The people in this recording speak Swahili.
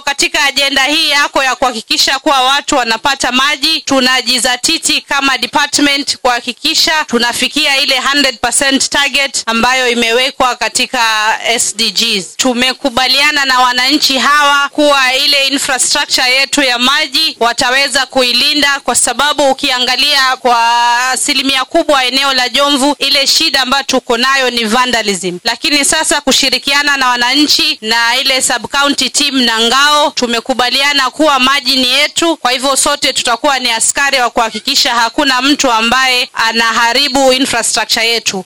talk katika ajenda hii yako ya kuhakikisha kuwa watu wanapata maji, tunajizatiti kama department kuhakikisha tunafikia ile 100% target ambayo imewekwa katika SDGs. Tumekubaliana na wananchi hawa kuwa ile infrastructure yetu ya maji wataweza kuilinda, kwa sababu ukiangalia kwa asilimia kubwa eneo la Jomvu, ile shida ambayo tuko nayo ni vandalism, lakini sasa kushirikiana na wananchi na ile sub county team na ngao tumekubaliana kuwa maji ni yetu, kwa hivyo sote tutakuwa ni askari wa kuhakikisha hakuna mtu ambaye anaharibu infrastructure yetu.